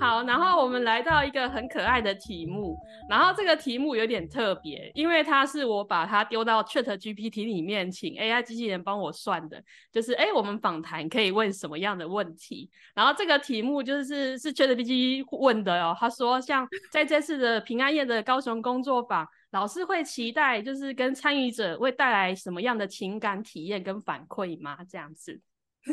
好，然後我們來到一個很可愛的題目，然後這個題目有點特別，因為它是我把它丟到 ChatGPT 裡面，請 AI 機器人幫我算的，就是哎，我們訪談可以問什麼樣的問題？然後這個題目就是是 ChatGPT 問的哦，他說像在這次的平安夜的高雄工作坊，老師會期待就是跟參與者會帶來什麼樣的情感體驗跟反饋嗎？這樣子，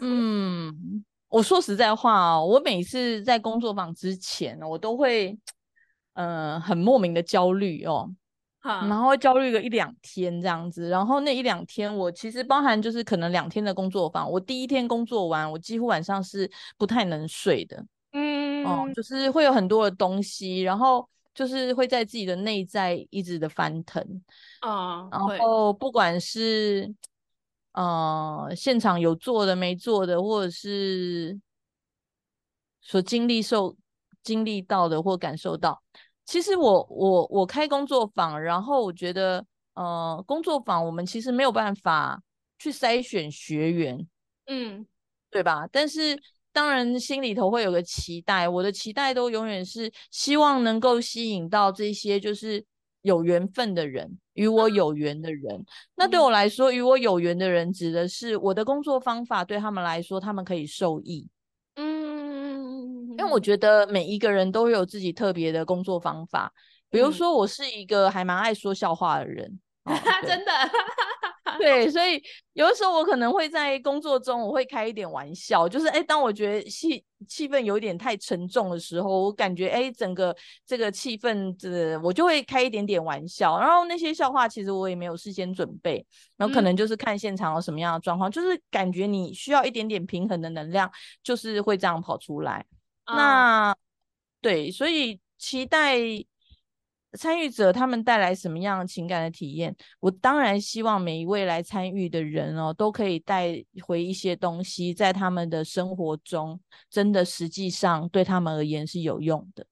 嗯。我說實在話啊、哦，我每次在工作坊之前，我都會，嗯、呃，很莫名的焦慮哦，好，然後會焦慮個一兩天這樣子，然後那一兩天我其實包含就是可能兩天的工作坊，我第一天工作完，我幾乎晚上是不太能睡的，嗯，哦、嗯，就是會有很多的東西，然後就是會在自己的內在一直的翻騰，啊、哦，然後不管是。呃，現場有做的沒做的，或者是所經歷受，經歷到的或感受到。其實我我我開工作坊，然後我覺得，呃，工作坊我們其實沒有辦法去篩選學員，嗯，對吧？但是當然心裡頭會有個期待，我的期待都永遠是希望能夠吸引到這些就是。有緣分的人，與我有緣的人。啊，那對我來說，與、嗯、我有緣的人指的是我的工作方法對他們來說，他們可以受益。嗯，因為我覺得每一個人都有自己特別的工作方法。比如說，我是一個還蠻愛說笑話的人，嗯哦、 真的。 對，所以有的時候我可能會在工作中，我會開一點玩笑，就是哎、欸，當我覺得氣氣氛有點太沉重的時候，我感覺哎、欸，整個這個氣氛這、呃，我就會開一點點玩笑，然後那些笑話其實我也沒有事先準備，然後可能就是看現場有什麼樣的狀況、嗯，就是感覺你需要一點點平衡的能量，就是會這樣跑出來。嗯、那對，所以期待。參與者他們帶來什麼樣的情感的體驗？我當然希望每一位來參與的人哦，都可以帶回一些東西，在他們的生活中真的實際上對他們而言是有用的。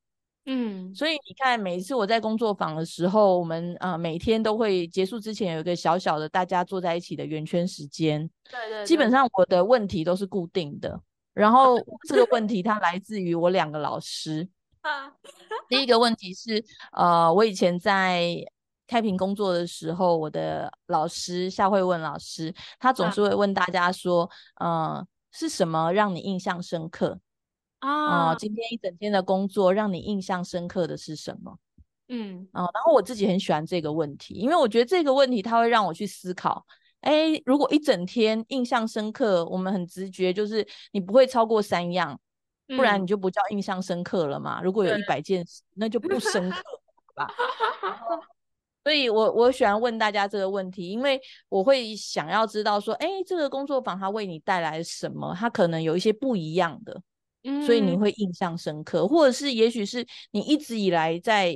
嗯，所以你看，每一次我在工作坊的時候，我們啊、呃、每天都會結束之前有一個小小的大家坐在一起的圓圈時間。對，對對。基本上我的問題都是固定的，然後這個問題它來自於我兩個老師。 啊， 第一個問題是，呃，我以前在開平工作的時候，我的老師夏惠汶老師，他總是會問大家說，啊、呃，是什麼讓你印象深刻啊、呃？今天一整天的工作讓你印象深刻的是什麼？嗯，啊、呃，然後我自己很喜歡這個問題，因為我覺得這個問題它會讓我去思考，哎、欸，如果一整天印象深刻，我們很直覺就是你不會超過三樣。不然你就不叫印象深刻了嘛、嗯？如果有一百件事，那就不深刻吧。 所以我我喜歡問大家這個問題，因為我會想要知道說，哎、欸，這個工作坊它為你帶來什麼？它可能有一些不一樣的，所以你會印象深刻，嗯、或者是也許是你一直以來在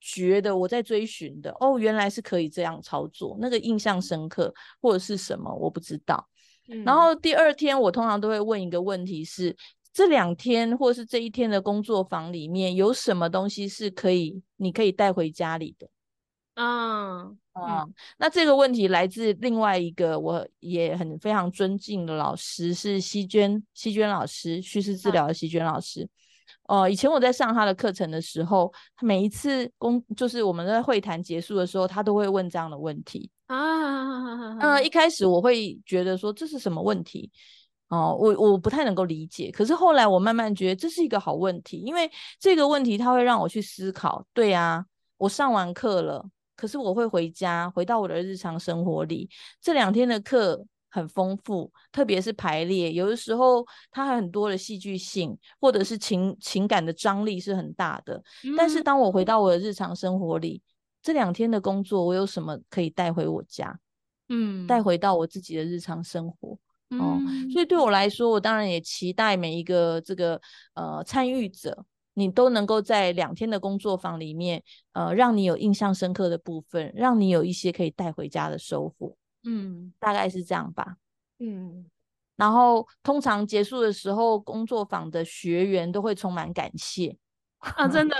覺得我在追尋的哦，原來是可以這樣操作，那個印象深刻、嗯、或者是什麼，我不知道、嗯。然後第二天我通常都會問一個問題是，這兩天或是這一天的工作坊裡面有什麼東西是可以你可以帶回家裡的？嗯、呃、嗯，那這個問題來自另外一個我也很非常尊敬的老師，是希娟希娟老師敘事治療的希娟老師。哦、啊呃，以前我在上他的課程的時候，每一次工就是我們在會談結束的時候，他都會問這樣的問題啊好好好好、呃、一開始我會覺得說這是什麼問題？哦，我我不太能夠理解，可是後來我慢慢覺得這是一個好問題，因為這個問題它會讓我去思考。對呀，啊，我上完課了，可是我會回家，回到我的日常生活裡。這兩天的課很豐富，特別是排列，有的時候它還很多的戲劇性，或者是情情感的張力是很大的。嗯。但是當我回到我的日常生活裡，這兩天的工作，我有什麼可以帶回我家？嗯，帶回到我自己的日常生活。嗯、哦，所以對我來說，我當然也期待每一個這個呃參與者，你都能夠在兩天的工作坊裡面，呃，讓你有印象深刻的部分，讓你有一些可以帶回家的收穫。嗯，大概是這樣吧。嗯，然後通常結束的時候，工作坊的學員都會充滿感謝啊、 嗯，真的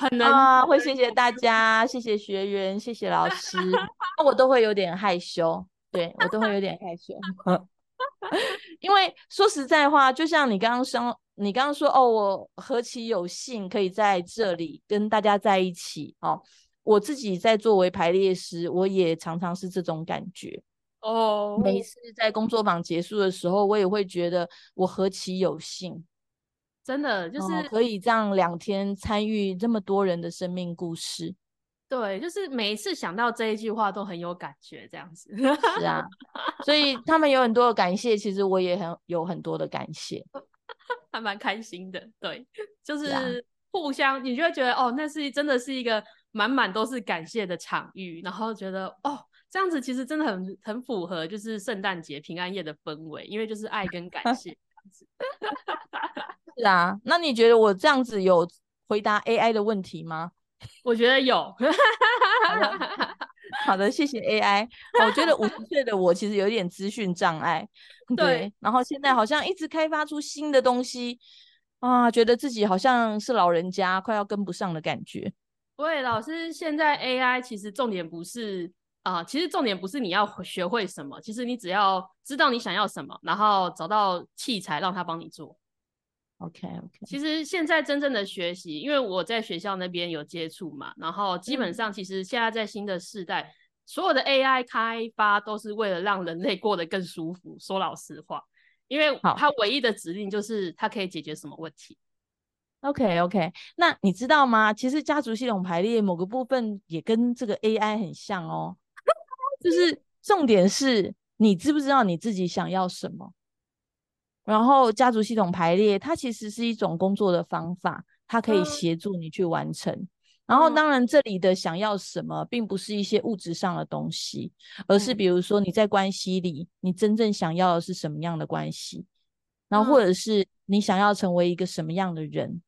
很難啊。會謝謝大家，謝謝學員，謝謝老師， 啊、我都會有點害羞，對我都會有點害羞。 嗯 因為說實在話，就像你剛剛說，你剛剛說哦，我何其有幸可以在這裡跟大家在一起哦。我自己在作為排列師，我也常常是這種感覺哦。Oh. 每一次在工作坊結束的時候，我也會覺得我何其有幸，真的就是、哦、可以這樣兩天參與這麼多人的生命故事。對，就是每一次想到這一句話都很有感覺，這樣子。 是啊，所以他們有很多的感謝，其實我也很有很多的感謝，還蠻開心的。對，就是互相，你就會覺得哦，那是真的是一個滿滿都是感謝的場域，然後覺得哦，這樣子其實真的很很符合就是聖誕節平安夜的氛圍，因為就是愛跟感謝。 這樣子。 是啊，那你覺得我這樣子有回答 AI 的問題嗎？我覺得有 好，好的，謝謝 AI。我覺得五十歲的我其實有點資訊障礙， 對。然後現在好像一直開發出新的東西啊，覺得自己好像是老人家快要跟不上的感覺。喂，老師，現在 AI 其實重點不是啊、呃，其實重點不是你要學會什麼，其實你只要知道你想要什麼，然後找到器材讓他幫你做。OK，OK okay, okay. 其實現在真正的學習，因為我在學校那邊有接觸嘛，然後基本上其實現在在新的世代、嗯，所有的 AI 開發都是為了讓人類過得更舒服。說老實話，因為它唯一的指令就是它可以解決什麼問題。OK，OK。Okay, okay. 那你知道嗎？其實家族系統排列某個部分也跟這個 AI 很像哦， 就是重點是你知不知道你自己想要什麼。然後家族系統排列，它其實是一種工作的方法，它可以協助你去完成。然後當然這裡的想要什麼，並不是一些物質上的東西，而是比如說你在關係裡，你真正想要的是什麼樣的關係，然後或者是你想要成為一個什麼樣的人，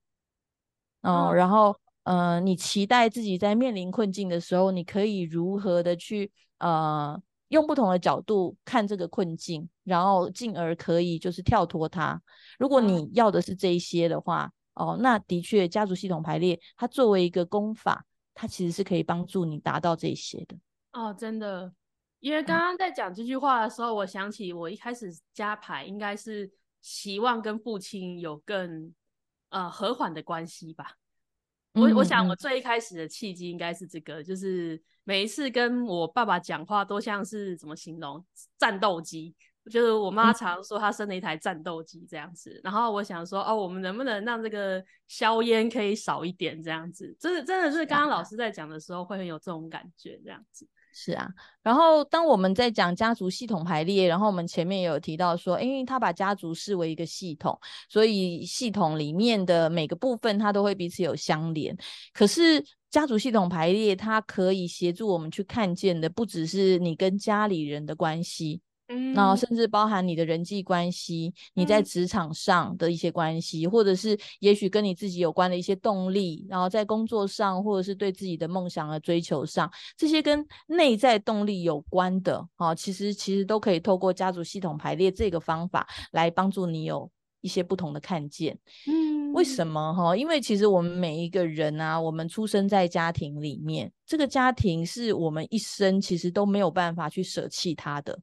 然後呃，你期待自己在面臨困境的時候，你可以如何的去呃。用不同的角度看這個困境，然後進而可以就是跳脫它。如果你要的是這一些的話，嗯、哦，那的確家族系統排列它作為一個功法，它其實是可以幫助你達到這些的。哦，真的，因為剛剛在講這句話的時候、嗯，我想起我一開始加排應該是希望跟父親有更呃和緩的關係吧。我我想，我最一開始的契機應該是這個、嗯，就是每一次跟我爸爸講話，都像是怎麼形容？戰鬥機，就是我媽常說她生了一台戰鬥機這樣子、嗯。然後我想說，哦，我們能不能讓這個硝煙可以少一點這樣子？就是真的是剛剛老師在講的時候，會很有這種感覺這樣子。是啊，然後當我們在講家族系統排列，然後我們前面也有提到說，哎，因為他把家族視為一個系統，所以系統裡面的每個部分他都會彼此有相連。可是家族系統排列，它可以協助我們去看見的，不只是你跟家裡人的關係。然後，甚至包含你的人際關係，你在職場上的一些關係，嗯，或者是也許跟你自己有關的一些動力，然後在工作上，或者是對自己的夢想和追求上，這些跟內在動力有關的，哦，其實其實都可以透過家族系統排列這個方法來幫助你有一些不同的看見。嗯，為什麼哈？因為其實我們每一個人啊，我們出生在家庭裡面，這個家庭是我們一生其實都沒有辦法去捨棄它的。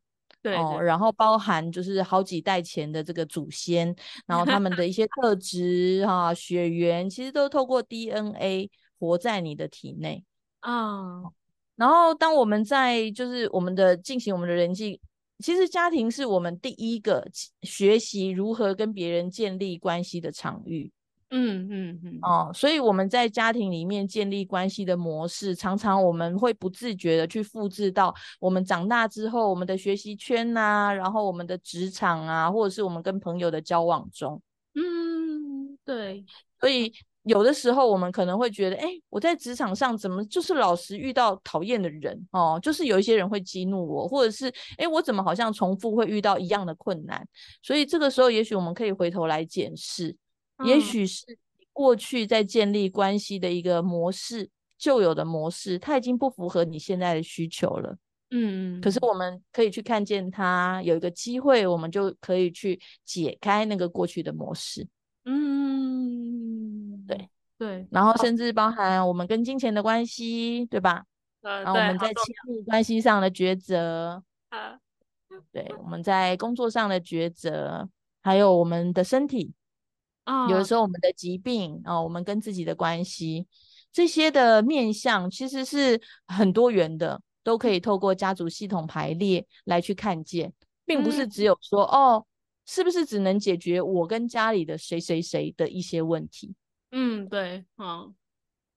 對對哦，然後包含就是好幾代前的這個祖先， 然後他們的一些特質哈、啊、血緣，其實都透過 DNA 活在你的體內啊、哦。然後當我們在就是我們的進行我們的人際，其實家庭是我們第一個學習如何跟別人建立關係的場域。嗯嗯嗯，哦，所以我們在家庭裡面建立關係的模式，常常我們會不自覺的去複製到我們長大之後，我們的學習圈啊，然後我們的職場啊，或者是我們跟朋友的交往中。嗯，對。所以有的時候我們可能會覺得，哎、欸，我在職場上怎麼就是老是遇到討厭的人哦，就是有一些人會激怒我，或者是哎、欸，我怎麼好像重複會遇到一樣的困難？所以這個時候，也許我們可以回頭來檢視。也許是過去在建立關係的一個模式，嗯、舊有的模式，它已經不符合你現在的需求了。嗯，可是我們可以去看見它有一個機會，我們就可以去解開那個過去的模式。嗯，對對，然後甚至包含我們跟金錢的關係、哦，對吧？嗯、對，然後我們在親密關係上的抉擇、哦，對，我們在工作上的抉擇，還有我們的身體。哦、有的時候，我們的疾病啊、哦，我們跟自己的關係，這些的面向其實是很多元的，都可以透過家族系統排列來去看見，並不是只有說、嗯、哦，是不是只能解決我跟家裡的誰誰誰的一些問題？嗯，對，啊、哦，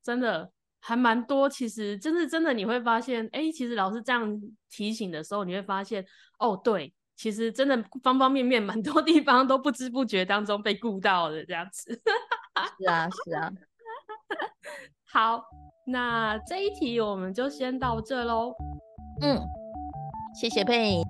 真的還蠻多。其實，真的真的，你會發現，哎、欸，其實老師這樣提醒的時候，你會發現，哦，對。其實真的方方面面，蠻多地方都不知不覺當中被顧到的，這樣子。是啊，是啊。 好，那這一題我們就先到這嘍。嗯，謝謝佩。